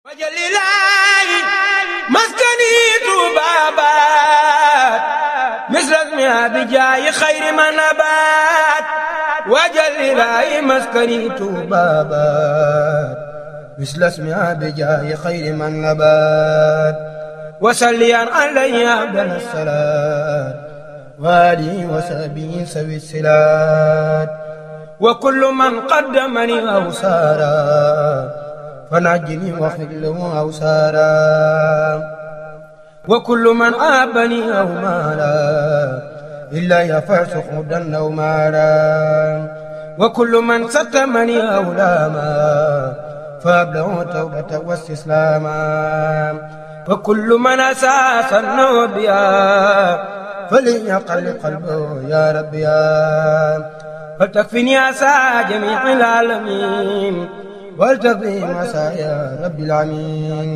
wajalilaayi maskani tuubaabaat misrasmi abijaayi xayri manabaat wajalilaayi maskani tuubaabaat misrasmi abijaayi xayri manabaat wasalliyan alayhi abdal salaat waalihi wa sahbihi sawi silaat wa kullu man qaddamani aw saaraat ونجني وخله أوسارا وكل من عابني أو مالا إلا يفع سخودا أو مالا وكل من ستمني أو لاما فأبلغ توبة واستسلاما وكل من أساس النوبيا فليقل قلبه يا ربي فلتكفني أسى جميع العالمين وارتقي مساء يا رب العالمين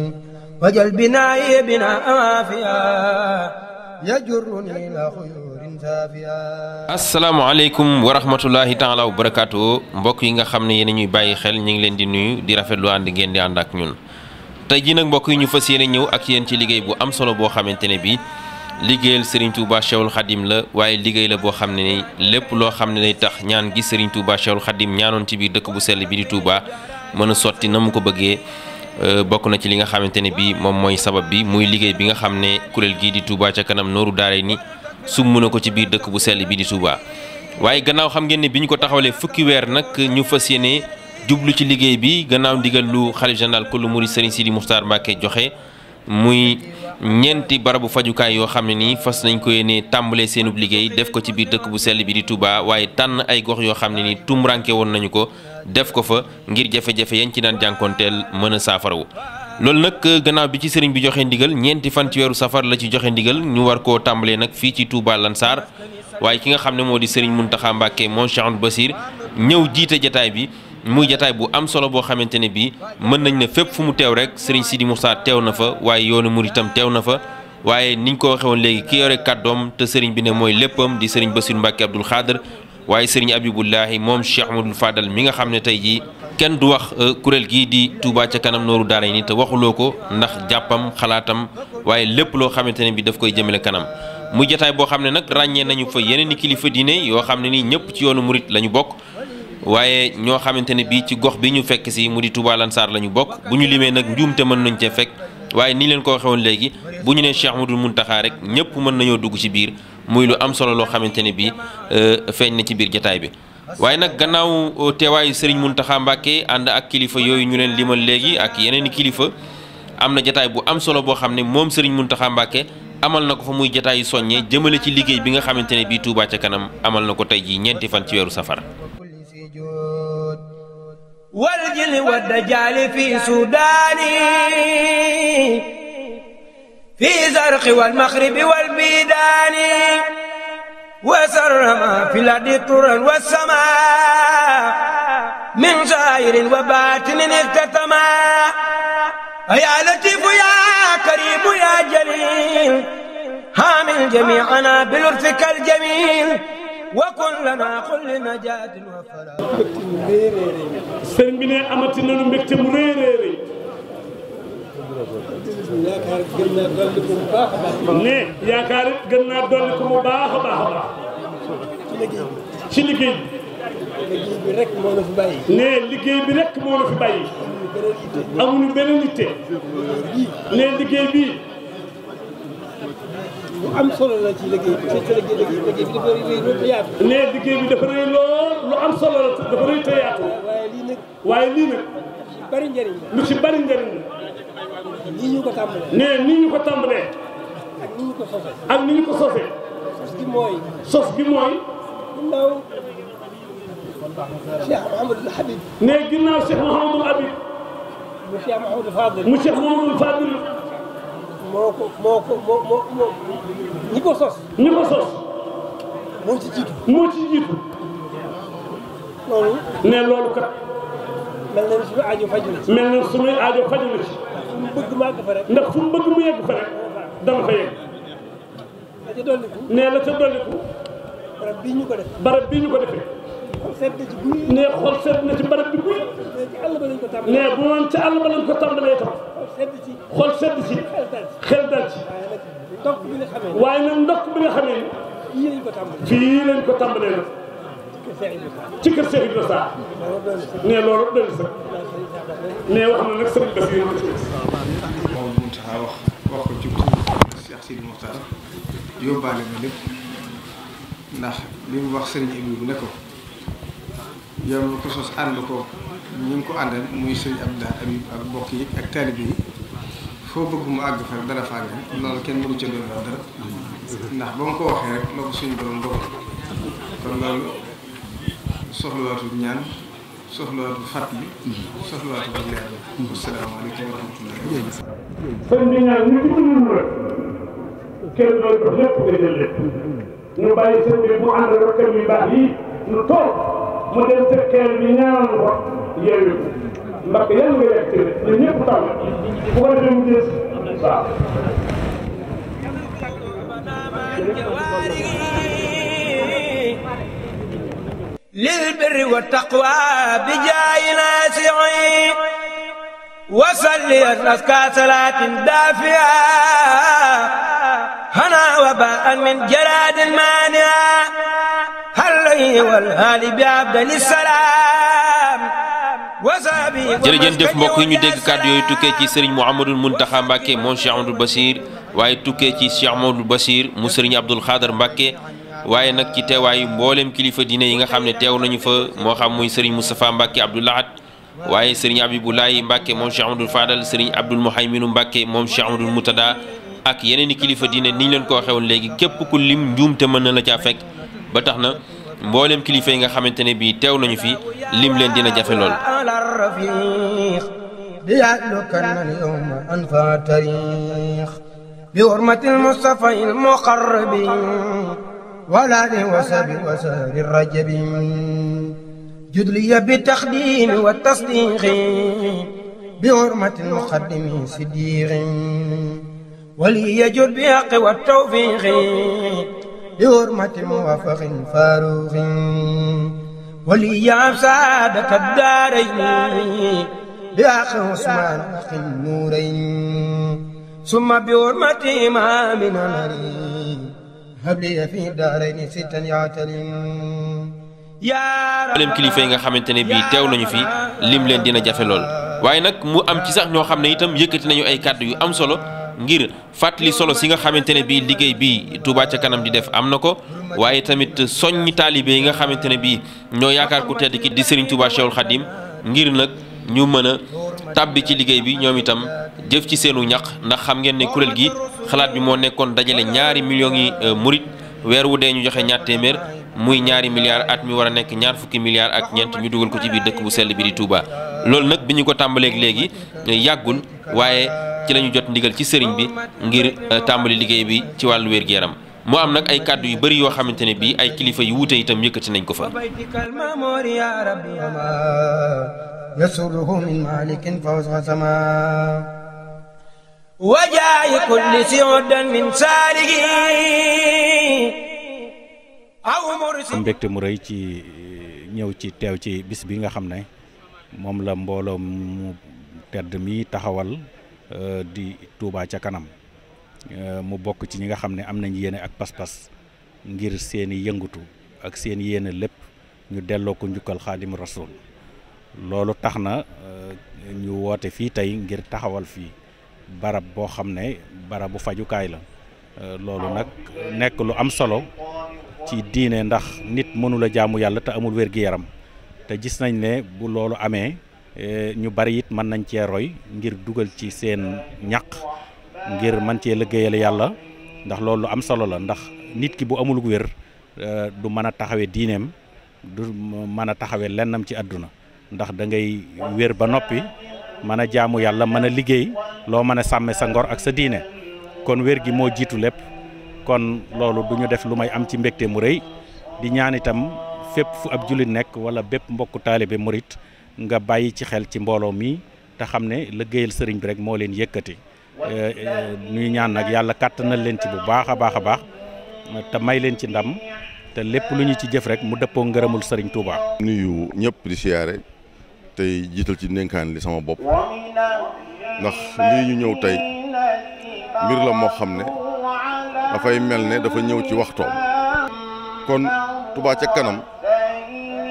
وجل بنائي بنا أوافيا asalaamaaleykum wa rahmatullahi taala wa barakaatu mbokk yi nga xam ne yéen ñuy bàyyi xel ñu ngi leen di nuyu di rafetlu ànd ngeen di ànd ak ñun tey jii nag mbokk yi ñu fas yéene ñëw ak yéen ci liggéey bu am solo boo xamante ne bi liggéeyal sëriñ Touba Cheikhul Khadim la waaye liggéey la boo xam ne ni lépp loo xam ne day tax ñaan gi sëriñ Touba Cheikhul Khadim ci biir dëkk bu sell bi di mën a sotti na mu ko bëggee euh, bokk na ci li nga xamante ne bii moom mooy sabab bi muy liggéey bi nga xam ne kuréel gii di Touba ca kanam nooru daare ni sumb na ko ci biir dëkk bu sell bi di Touba waaye gannaaw xam ngeen ne bi ñu ko taxawalee fukki weer nag ñu fas yéene jublu ci liggéey bi gannaaw ndigal lu xalif général kullu murid Serigne Sidi Muxtaar Mbàkke joxe muy ñeenti barabu fajukaay yoo xam ne nii fas nañ ko yéene tàmbalee seenub liggéey def ko ci biir dëkk bu sell bi di Touba waaye tànn ay gox yoo xam ne nii tumranke woon nañu ko def ko fa ngir jafe-jafe yañ ci daan jànkoonteel mën a saafarawu loolu nag gannaaw bi ci sëriñ bi joxe ndigal ñeenti fan ci weeru safar la ci joxe ndigal ñu war koo tàmbalee nag fii ci Touba Lansar waaye ki nga xam ne moo di sëriñ Mountakha Mbacké moom Cheikhoul Basir ñëw jiite jataay bi muy jataay bu am solo boo xamante ne bii mën nañ ne fépp fu mu teew rek Serigne Sidi Moussa teew na fa waaye yoonu murid itam teew na fa waaye niñ ko waxee léegi ki yore kàddoom te Serigne bi ne mooy léppam di Serigne Bassirou Mbacké Abdoul Khadr waaye Serigne Abibullahi moom Cheikh Amadou Fadal mi nga xam ne tey jii kenn du wax euh, kuréel gii di Touba ca kanam nooru daara ni te waxuloo ko ndax jàppam xalaatam waaye lépp loo xamante ne bi daf koy jëmale kanam mu jataay boo xam ne nag ràññee nañu fa yeneen kilifa diine yoo xam ne nii ñëpp ci yoonu murit lañu bokk waaye ñoo xamante ne bii ci gox bi ñu fekk si mu di Touba Lansar la ñu bokk bu ñu limee nag njuumte mën nañ cee fekk waaye ni leen ko waxee woon léegi bu ñu nee Cheikh Mouhamadoul Mountakha rek ñëpp mën nañoo dugg ci biir muy lu am solo loo xamante ne bii euh, feeñ na ci biir jataay bi. waaye nag gannaaw euh, teewaayu Serigne Mountakha Mbacké ànd ak kilifa yooyu ñu leen limal léegi ak yeneen i kilifa am na jataay bu am solo boo xam ne moom Serigne Mountakha Mbacké amal na ko fa muy jataayu soññee jëmale ci liggéey bi nga xamante ne bii Touba ca kanam amal na ko tey jii ñeenti fan ci weeru safar. والجل والدجال في سوداني في زرق والمغرب والبيدان وسرما في الأرض طرا والسماء من زائر وباطن اختتما يا لطيف يا كريم يا جليل هامل جميعنا بلطفك الجميل sëriñ bi ne amati nañu mbégte mu rëy rëy rëy. ne yaakaar it gën naa dolli ko mu baax a baax a baax. ci liggéey bi. liggéey bi rek liggéey bi rek moo fi bàyyi. amuñu beneen yitte. ne liggéey bii. am solo la ci liggéey bi ci liggéey liggéey bi dafa rëy lool te yaatu. nee liggéey bi dafa rëy lool lu am solo la dafa rëy te yaatu. waaye lii nag. waaye lii nag. lu ci bari njëriñ la. lu ci bari njëriñ la. nii ñu ko tàmbalee. nee nii ñu ko tàmbalee. ak ni ñu ko sosee. ak ni ñu ko sosee. sos gi mooy. sos gi mooy. ginnaaw. Cheikh Mouhamadul Habib. nee ginnaaw Cheikh Mouhamadul Habib. mu Cheikh Mouhamadul Fadil. mu Cheikh Mouhamadul Fadil. moo ko moo ko moo moo ñi ko ñi ko sos. moo ci moo ci jiitu. loolu. ne loolu kat. mel na ni suñu aajo faju na ci. bëgg ma àgg fa rek. ndax fu mu mu yegg fa rek. dama fa yegg. la ne la ca dolliku. barab bii ñu ko def. barab bii ñu ko defee. nee xool sedd na ci barab bi guy. nee bu woon ci àll ba lañ ko tàmbalee tam. xool sedd ci xel dal ci. waaye nag ndokk bi nga xamee fii lañ ko tàmbalee nag. ci kër Cheikh Ibrahima Sarr. nee loolu doy na sax. nee wax na nag sëriñ Basi yéen a ci wax wax ko ci Cheikh Sidi Mokhtar yóbbaale ma lépp ndax li wax sëriñ Ibrahima ne ko yow mi ko sos ànd ko ñu ko àndal muy sëñ Abdoulaye Habib ak mbokk yi ak taalibe yi foo bëgg mu àgg fa dara faa ngeen loolu kenn mënu ca doon dara ndax ba mu ko waxee rek la ko suñu borom dogal kon loolu soxlawaatu ñaan soxlawaatu fàttali soxlawaatu bu leer la. asalaamaaleykum wa rahmatulah. sëñ bi ñu naan nit ñi ñu rek kenn doon jox lépp nga jël lépp bàyyi sëñ bu ànd rakkam yu toog. mu dem sa xeer bi ñaanal ko yeewu ko ndax yan nga def ci ñun ñëpp taw bu ko defee mu gis waaw. للبر والتقوى بجاي ناسعي وصلي أزكى صلاة دافئة هنا وباء من جراد مانعة jërëjëf jëf mbokk yi ñu dégg kàddu yooyu tukkee ci sëriñ Mouhamadul Mountakha Mbacke moom Cheikh Amadou Bassir waaye tukkee ci Cheikh Amadou Bassir mu sëriñ Abdoul Khader Mbacke waaye nag ci teewaayu mbooleem kilifa diine yi nga xam ne teew nañu fa moo xam muy sëriñ Moustapha Mbacke Abdoul Ahad waaye sëriñ Abiboulaye Mbacke moom Cheikh Amadou Fadal sëriñ Abdoul Mouhayminu Mbacke moom Cheikh Amadou Moutada ak yeneen i kilifa diine ni ñu leen ko waxee léegi képp ku lim njuum te mën na la caa fekk ba tax na mboolem kilifa yi nga xamante ne bii teew nañu fi lim leen dina jafe lool. bi hurmatil Mustafa il muqarrabi wala li wasabi wasabi rajabi judliya bi taxdimi wa tasdiqi bi hurmatil muqaddimi siddiqi wali yajur bi haqi wa tawfiqi بحرمة موفق فاروق وليام سادة الدارين بأخ عثمان أخي النورين ثم بحرمة إمامنا الهري kilifa yi nga xamante ne bii teew nañu fi lim leen dina jafe waaye nag mu am ci sax ñoo xam ne itam yëkkati nañu ay kàddu yu am solo ngir fàttali solo si nga xamante ne bii liggéey bii Touba ca kanam di def am na ko waaye tamit soññi taalibe yi nga xamante ne bii ñoo yaakaar ku tedd ki di Serigne Touba Cheikhul Khadim ngir nag ñu mën a tàbbi ci liggéey bi ñoom itam jëf ci seenu ñax ndax xam ngeen ne kuréel gi xalaat bi moo nekkoon dajale ñaari millions yi euh, murit weer wu dee ñu joxe ñaar téeméer muy ñaari milliards at mi war a nekk ñaar fukki milliards ak ñeent ñu dugal ko ci biir dëkk bu sell bi di Touba loolu nag bi ñu ko tàmbaleeg léegi euh, yàggul ci lañu jot ndigal ci sëriñ bi ngir euh, tàmbali liggéey bi ci wàllu wér gu yaram moo am nag ay kàddu yu bari yoo xamante ne bii ay kilifa yu wuute itam yëkkati nañ ko fa. am mbégte mu rëy ci euh, ñëw ci teew ci bis bi nga xam ne moom la mbooloo mu tedd mi taxawal. Euh, di Touba ca kanam euh, mu bokk ci ñi nga xam ne am nañ yéene ak pas-pas ngir seeni yëngatu ak seen yéene lépp ñu delloo ko njukkal xaadim rasul loolu tax na euh, ñu woote fii tey ngir taxawal fii barab boo xam ne barabu fajukaay la loolu nag nekk lu am solo ci diine ndax nit mënula jaamu yàlla te amul wér-gi-yaram te gis nañ ne bu loolu amee Eh, ñu bari it mën nañ cee roy ngir dugal ci seen ñaq ngir mën cee liggéeyal yàlla ndax loolu am solo la ndax nit ki bu amul wér eh, du mën a taxawee diineem du mën a taxawee lennam ci àdduna ndax dangay wér ba noppi mën a jaamu yàlla mën a liggéey loo mën a sàmme sa ngor ak sa diine kon wér gi moo jiitu lépp kon loolu du ñu def lu may am ci mbégte mu rëy di ñaan itam fépp fu ab jullit nekk wala bépp mbokku taalibe murit nga bàyyi ci xel ci mbooloo mi te xam ne liggéeyal sëriñ bi rek moo leen yëkkati euh, ñuy ñaan nag yàlla kàttanal leen ci bu baax a baax a baax te may leen ci ndam te lépp lu ñu ci jëf rek mu dëppoo ngërëmul sëriñ Touba. nuyu ñëpp di siyaare tey jiital ci ndénkaan li sama bopp ndax lii ñu ñëw tey mbir la moo xam ne dafay mel ne dafa ñëw ci waxtoom kon Touba ca kanam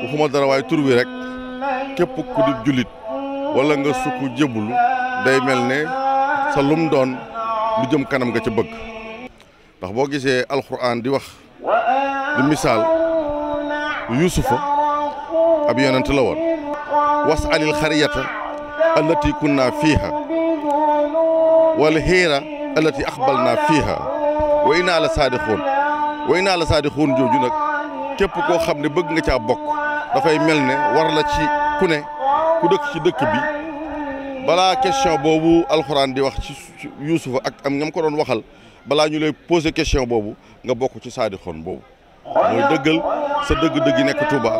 waxuma dara waaye tur wi rek. képp ku di jullit wala nga sukk jébbalu day mel ne sa lum doon lu jëm kanam nga ca bëgg ndax boo gisee alxuraan di wax di misaal yuusufa ab yonent la woon was alil xariyata allati kunna fiiha wal xiira allati axbalna fiiha wa inaa la saadixuun wa inaa la saadixuun jooju nag képp koo xam ne bëgg nga caa bokk dafay mel ne war la ci ku ne ku dëkk ci dëkk bi balaa question boobu alxuraan di wax ci Yuusufa ak am ñam ko doon waxal balaa ñu lay posé question boobu nga bokk ci saadi xon boobu mooy dëggal sa dëgg dëggi yi nekk Touba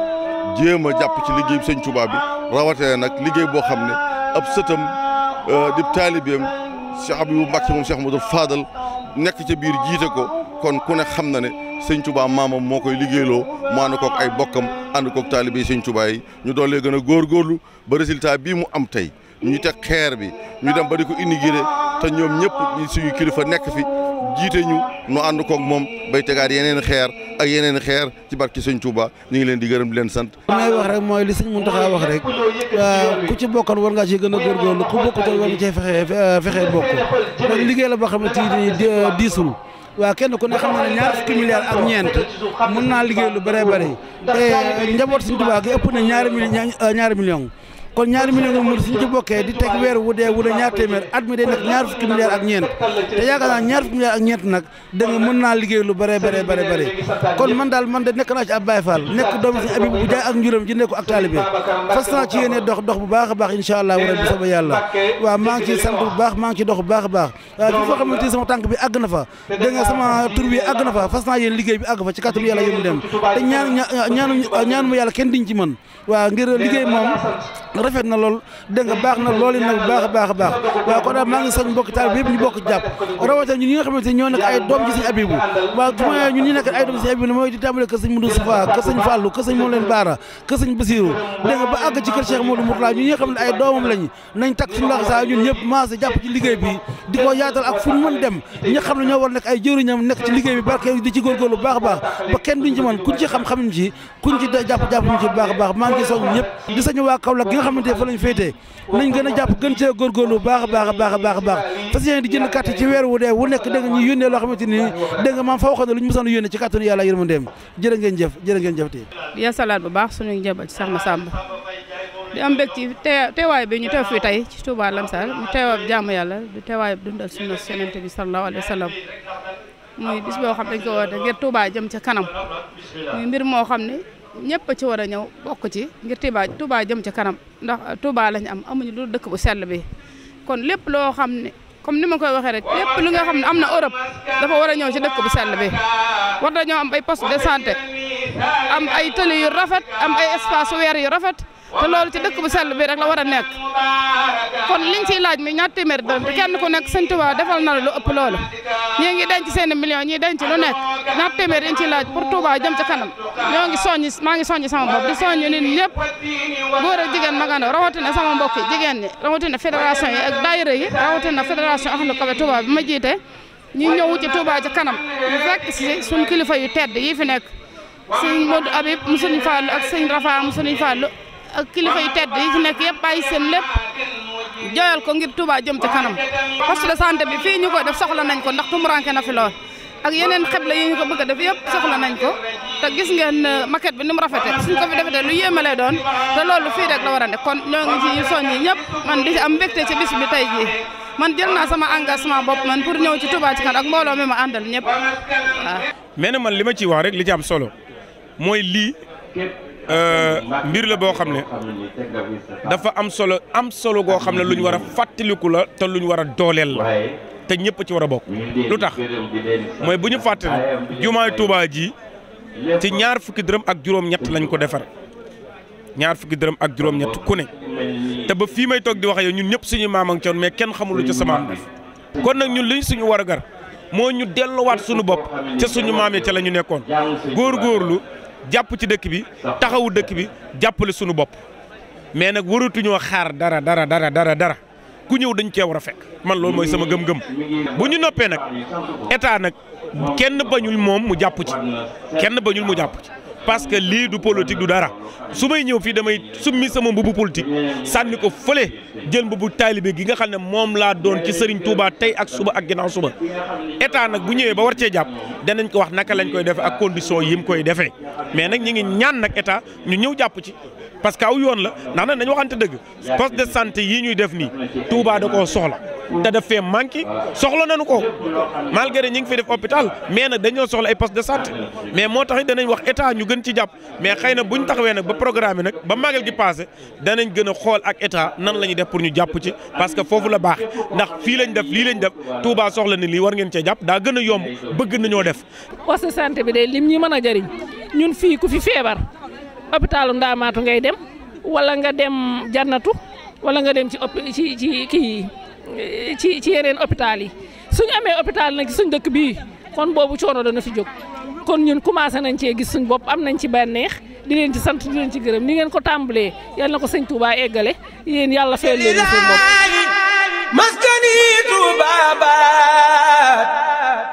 jéem a jàpp ci liggéey sëñ Touba bi rawatina nag liggéey boo xam ne ab sëtam euh, di taalibeem Cheikh Abibou Mbacke moom Cheikh Modou Fadal nekk ca biir jiite ko kon ku ne xam na ne sëñ Touba maamam moo koy liggéeyloo moo ànd kook ay bokkam ànd kook taalibe sëñ Touba yi ñu doole gën a góor góorlu ba résultat bii mu am tey ñu teg xeer bi ñu dem ba di ko indi inaugurer te ñoom ñëpp suñu kilifa nekk fi jiite ñu nu ànd kook moom bay tegaat yeneen xeer ak yeneen xeer ci barki sëñ Touba ñu ngi leen di gërëm leen sant. li wax rek mooy li sëñ Mountakha wax rek ku ci bokkan war ngaa ci gën a góorgóorlu ku bokkutoon war nga cee fexe fexe bokk liggéey la boo xam ne diisul. waaw kenn ku ne xam na ne ñaar fukki milliards ak ñeent mën naa liggéey lu bëree bëri te njaboot suñu tubaab gi ëpp na ñaari mil ñaari millions kon ñaari millions nga mën suñu bokkee di teg weer wu dee wu dee ñaar téeméer at mi day nekk ñaar fukki milliards ak ñeent te yaakaar naa ñaar fukki milliards ak ñeent nag da mën naa liggéey lu bare bare bare bare kon man daal man de nekk naa ci ab Baye Fall nekk doomu suñu Abib bu jaay ak njuram ji nekk ak taalibe fas naa ci yéene dox dox bu baax a baax incha allah rabbi sama maa ngi ci sant bu baax maa ngi ci dox bu baax a baax waaw foo xamante sama tànk bi na fa da nga sama tur bi na fa fas naa liggéey bi àgg fa ci kàttanu yàlla yëmu dem te ñaan ñaanu ñaanu ma yàlla kenn diñ ci mën rafet na lool dégg nga baax na lool yi nag baax a baax a baax baax a baax ba kenn duñ ci man kuñ ci xam-xamim ci kuñ ci jàpp-jàppum ci baax a baax maa ngi ci soñ ñëpp di sañu waa Kaolack gi nga xam xamante ne fa lañ féetee nañ gën a jàpp gën cee góorgóorlu baax baax baax baax a baax fas di jënd carte ci weer wu dee wu nekk dégg nga ñu yónnee loo xamante ni dégg nga maam fa waxoon ne lu ñu mësoon yónnee ci kàttanu yàlla yërmandeem jërë ngeen jëf jërë ngeen jëf tey di salaat bu baax suñu njaboot ci sax ma sàmb di am mbég ci teewaay bi ñu teew fii tey ci Touba Lansar mu teewaab jaamu yàlla di teewaay dundal sunna Yonent bi sallallahu alayhi wa sallam muy bis boo xam dañ ko woote ngir ñëpp ci war a ñëw bokk ci ngir Touba Touba jëm ci kanam ndax Touba lañ am amuñu lu dëkk bu sell bi kon lépp loo xam ne comme ni ma koy waxee rek lépp lu nga xam ne am na Europe dafa war a ñëw ci dëkk bu sell bi war dañoo am ay poste de santé am ay tëli yu rafet am ay espace weer yu rafet te loolu ci dëkk bu sell bi rek la war a nekk kon liñ ciy laaj mi ñaar téeméer dërëm te kenn ku nekk sëñ Tuubaa defal na lu ëpp loolu ñii ngi denc seen million ñii denc lu nekk ñaar téeméer yiñ ci laaj pour Tuubaa jam ca kanam ñoo ngi soññi maa ngi soññi sama bopp di soññi nit ñëpp góor ak jigéen magando rawatina sama mbokki jigéen ñi rawatina fédération yi ak daayira yi rawatina fédération Ahlu Kabe Tuubaa bi ma jiite ñu ñëw ci Touba ci kanam ñu fekk si suñ kilifa yu tedd yi fi nekk sëñ Modou Habib mu sëñ Fallou ak s Rafa mu sëñ Fallou ak kilifa yu tedd yi fi nekk yëpp bàyyi seen lépp jooyal ko ngir Touba jëm ci kanam poste de santé bi fii ñu ko def soxla nañ ko ndax tumuranke na fi lool ak yeneen xeble yi ñu ko bëgg a def yëpp soxla nañ ko te gis ngeen euh, maquette bi ni mu rafetee suñ ko fi defetee lu yéeme lay doon te loolu fii rek la war a nekk kon ñoo ngi ci soññi ñëpp man di ci am mbégte ci bis bi tey man jël naa sama engagement bopp man pour ñëw ci Touba ci kan ak mbooloo mi ma àndal ñëpp waaw. mais man li ma ciy wax rek li ci solo Euh, mbir la boo xam ne dafa am solo am solo goo xam ne lu ñu war a fàttaliku la te lu ñu war a dooleel la te ñëpp ci war a bokk lu tax mooy bu ñu fàttali jumaay Tuubaa ji ci ñaar fukki dërëm ak juróom-ñett lañ ko defar ñaar fukki dërëm ak juróom-ñett ku ne te ba fii may toog di wax yow ñun ñëpp suñu maam ak coon mais kenn xamul lu ci sama am def kon nag ñun liñ suñu war a gar moo ñu delluwaat suñu bopp ca suñu maam ya lañu la ñu nekkoon jàpp ci dëkk bi taxawu dëkk bi jàppale sunu bopp mais nag waratuñoo xaar dara dara dara dara dara ku ñëw dañ cee war a fekk man loolu mooy sama gëm-gëm bu ñu noppee nag état nag kenn bañul moom mu jàpp ci kenn bañul mu jàpp ci. parce que lii du politique du dara su may ñëw fii damay summi sama mbubu politique sànni ko fële jël mbubu taalibe gi nga xam ne moom laa doon ci Serigne Touba tey ak suba ak ginnaaw suba état nag bu ñëwee ba war cee jàpp danañ ko wax naka lañ koy defee ak condition yi mu koy defee mais nag ñu ngi ñaan nag état ñu ñëw jàpp ci parce que aw yoon la ndax nag nañu waxante dëgg poste de santé yii ñuy def nii Touba da koo soxla te def fee manqué soxla nañu ko malgré ñi ngi fi def hôpital mais nag dañoo soxla ay poste de santé mais moo tax it danañ wax état ñu gën ci jàpp mais xëy na buñ taxawee nag ba programme nag ba magal gi passé danañ gën a xool ak état nan la ñuy def pour ñu jàpp ci parce que foofu la baax ndax fii lañu def lii lañ def Touba soxla ni lii war ngeen cee jàpp daa gën yomb bëgg nañoo def poste de santé bi de lim mën a jëriñ ñun fii ku fi feebar hôpitalu Ndaamaatu ngay dem wala nga dem jannatu wala nga dem ci ci ci kii ci ci yeneen hôpital yi suñ amee hôpital nag suñ dëkk bii kon boobu coono dana fi jóg kon ñun commencé nañ cee gis suñ bopp am nañ ci bànneex di leen ci sant di leen ci gërëm ni ngeen ko tàmbalee yal na ko sëñ Touba eggale yéen yàlla feel leen seen bopp maskani Touba baat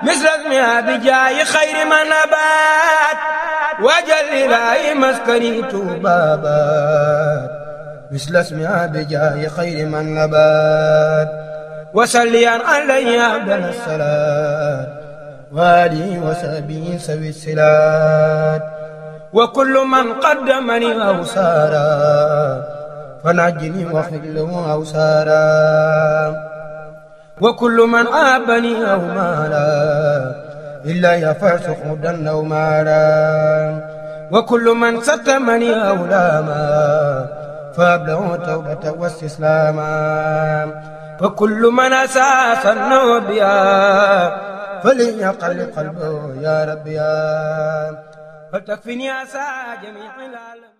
misras mi abi jaayi xayri ma nabaat wajal ilaahi maskani Tuuba baat misla ismihaa bijaahi xayri man nabaat wa salli alayhi afdala salaat wa aalihi wa sahbihi sawi silaat wa kullu man qaddamani aw saara fa najjini wa xillahu aw saara wa kullu man aabani aw maala بالله فارسخ دنا ومارا وكل من ستمني أولاما فابلغ توبة واستسلاما وكل من أساس النوبيا فليقل قلبه يا ربي فلتكفني أسى جميع العالم